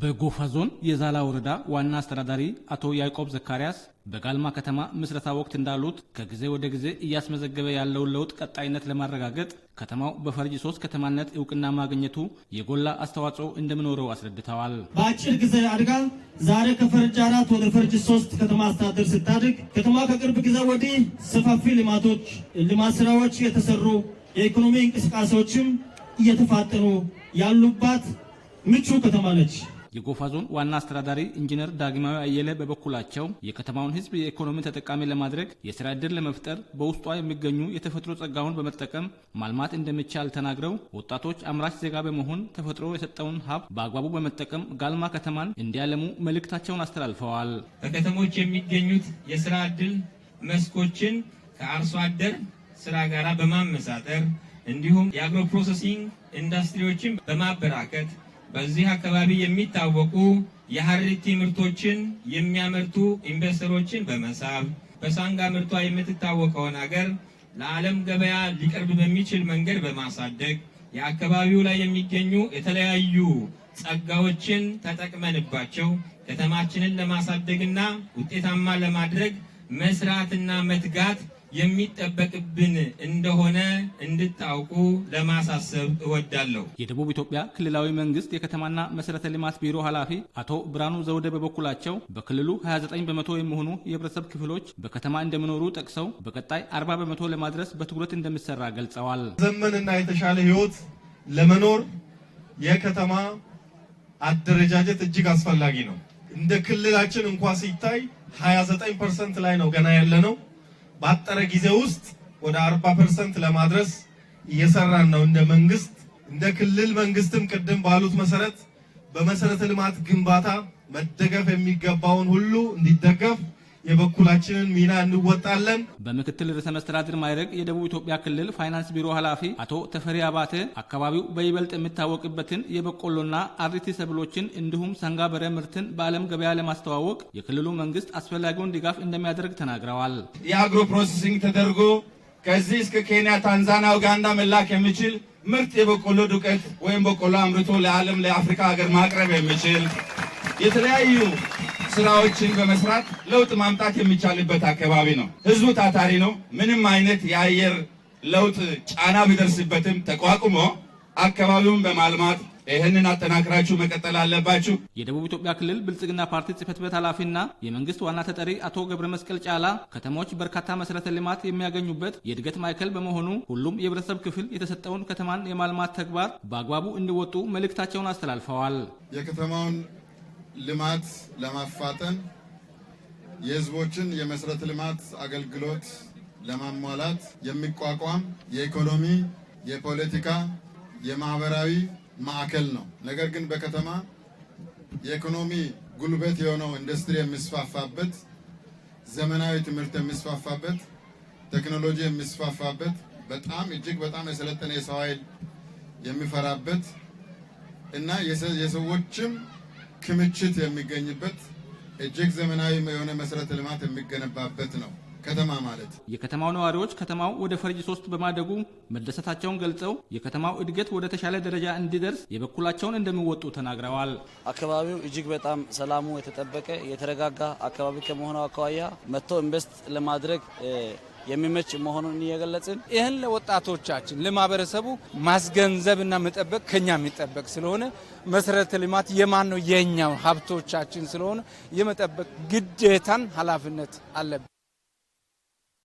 በጎፋ ዞን የዛላ ወረዳ ዋና አስተዳዳሪ አቶ ያዕቆብ ዘካርያስ በጋልማ ከተማ ምስረታ ወቅት እንዳሉት ከጊዜ ወደ ጊዜ እያስመዘገበ ያለውን ለውጥ ቀጣይነት ለማረጋገጥ ከተማው በፈርጅ ሶስት ከተማነት እውቅና ማግኘቱ የጎላ አስተዋጽኦ እንደሚኖረው አስረድተዋል። በአጭር ጊዜ አድጋ ዛሬ ከፈርጅ አራት ወደ ፈርጅ ሶስት ከተማ አስተዳደር ስታድግ ከተማ ከቅርብ ጊዜ ወዲህ ሰፋፊ ልማቶች፣ ልማት ስራዎች የተሰሩ የኢኮኖሚ እንቅስቃሴዎችም እየተፋጠኑ ያሉባት ምቹ ከተማ ነች። የጎፋ ዞን ዋና አስተዳዳሪ ኢንጂነር ዳግማዊ አየለ በበኩላቸው የከተማውን ህዝብ የኢኮኖሚ ተጠቃሚ ለማድረግ የስራ ዕድል ለመፍጠር በውስጧ የሚገኙ የተፈጥሮ ጸጋውን በመጠቀም ማልማት እንደሚቻል ተናግረው ወጣቶች አምራች ዜጋ በመሆን ተፈጥሮ የሰጠውን ሀብት በአግባቡ በመጠቀም ጋልማ ከተማን እንዲያለሙ መልእክታቸውን አስተላልፈዋል። በከተሞች የሚገኙት የስራ ዕድል መስኮችን ከአርሶ አደር ስራ ጋራ በማመሳጠር እንዲሁም የአግሮ ፕሮሰሲንግ ኢንዱስትሪዎችን በማበራከት በዚህ አካባቢ የሚታወቁ የሀርቲ ምርቶችን የሚያመርቱ ኢንቨስተሮችን በመሳብ በሳንጋ ምርቷ የምትታወቀውን ሀገር ለዓለም ገበያ ሊቀርብ በሚችል መንገድ በማሳደግ የአካባቢው ላይ የሚገኙ የተለያዩ ጸጋዎችን ተጠቅመንባቸው ከተማችንን ለማሳደግና ውጤታማ ለማድረግ መስራትና መትጋት የሚጠበቅብን እንደሆነ እንድታውቁ ለማሳሰብ እወዳለሁ። የደቡብ ኢትዮጵያ ክልላዊ መንግስት የከተማና መሰረተ ልማት ቢሮ ኃላፊ አቶ ብርሃኑ ዘውደ በበኩላቸው በክልሉ 29 በመቶ የሚሆኑ የህብረተሰብ ክፍሎች በከተማ እንደሚኖሩ ጠቅሰው በቀጣይ 40 በመቶ ለማድረስ በትኩረት እንደሚሰራ ገልጸዋል። ዘመንና የተሻለ ህይወት ለመኖር የከተማ አደረጃጀት እጅግ አስፈላጊ ነው። እንደ ክልላችን እንኳ ሲታይ 29 ፐርሰንት ላይ ነው ገና ያለ ነው። ባጠረ ጊዜ ውስጥ ወደ 40 ፐርሰንት ለማድረስ እየሰራን ነው። እንደ መንግስት እንደ ክልል መንግስትም ቅድም ባሉት መሰረት በመሰረተ ልማት ግንባታ መደገፍ የሚገባውን ሁሉ እንዲደገፍ የበኩላችንን ሚና እንወጣለን። በምክትል ርዕሰ መስተዳድር ማይረግ የደቡብ ኢትዮጵያ ክልል ፋይናንስ ቢሮ ኃላፊ አቶ ተፈሪ አባተ አካባቢው በይበልጥ የሚታወቅበትን የበቆሎና አሪቲ ሰብሎችን እንዲሁም ሰንጋ በረ ምርትን በዓለም ገበያ ለማስተዋወቅ የክልሉ መንግስት አስፈላጊውን ድጋፍ እንደሚያደርግ ተናግረዋል። የአግሮ ፕሮሴሲንግ ተደርጎ ከዚህ እስከ ኬንያ፣ ታንዛኒያ፣ ኡጋንዳ መላክ የሚችል ምርጥ የበቆሎ ዱቄት ወይም በቆሎ አምርቶ ለዓለም ለአፍሪካ ሀገር ማቅረብ የሚችል የተለያዩ ስራዎችን በመስራት ለውጥ ማምጣት የሚቻልበት አካባቢ ነው። ህዝቡ ታታሪ ነው። ምንም አይነት የአየር ለውጥ ጫና ቢደርስበትም ተቋቁሞ አካባቢውን በማልማት ይህንን አጠናክራችሁ መቀጠል አለባችሁ። የደቡብ ኢትዮጵያ ክልል ብልጽግና ፓርቲ ጽህፈት ቤት ኃላፊና የመንግስት ዋና ተጠሪ አቶ ገብረ መስቀል ጫላ ከተሞች በርካታ መሰረተ ልማት የሚያገኙበት የእድገት ማዕከል በመሆኑ ሁሉም የህብረተሰብ ክፍል የተሰጠውን ከተማን የማልማት ተግባር በአግባቡ እንዲወጡ መልእክታቸውን አስተላልፈዋል። የከተማውን ልማት ለማፋጠን የህዝቦችን የመሰረተ ልማት አገልግሎት ለማሟላት የሚቋቋም የኢኮኖሚ፣ የፖለቲካ፣ የማህበራዊ ማዕከል ነው። ነገር ግን በከተማ የኢኮኖሚ ጉልበት የሆነው ኢንዱስትሪ የሚስፋፋበት፣ ዘመናዊ ትምህርት የሚስፋፋበት፣ ቴክኖሎጂ የሚስፋፋበት፣ በጣም እጅግ በጣም የሰለጠነ የሰው ኃይል የሚፈራበት እና የሰዎችም ክምችት የሚገኝበት እጅግ ዘመናዊ የሆነ መሰረተ ልማት የሚገነባበት ነው። ከተማ ማለት የከተማው ነዋሪዎች ከተማው ወደ ፈርጅ ሶስት በማደጉ መደሰታቸውን ገልጸው የከተማው እድገት ወደ ተሻለ ደረጃ እንዲደርስ የበኩላቸውን እንደሚወጡ ተናግረዋል። አካባቢው እጅግ በጣም ሰላሙ የተጠበቀ የተረጋጋ አካባቢ ከመሆኑ አኳያ መጥቶ ኢንቨስት ለማድረግ የሚመች መሆኑን እየገለጽን ይህን ለወጣቶቻችን ለማህበረሰቡ ማስገንዘብና መጠበቅ ከኛ የሚጠበቅ ስለሆነ መሰረተ ልማት የማን ነው? የእኛው ሀብቶቻችን ስለሆነ የመጠበቅ ግዴታን ኃላፊነት አለብን።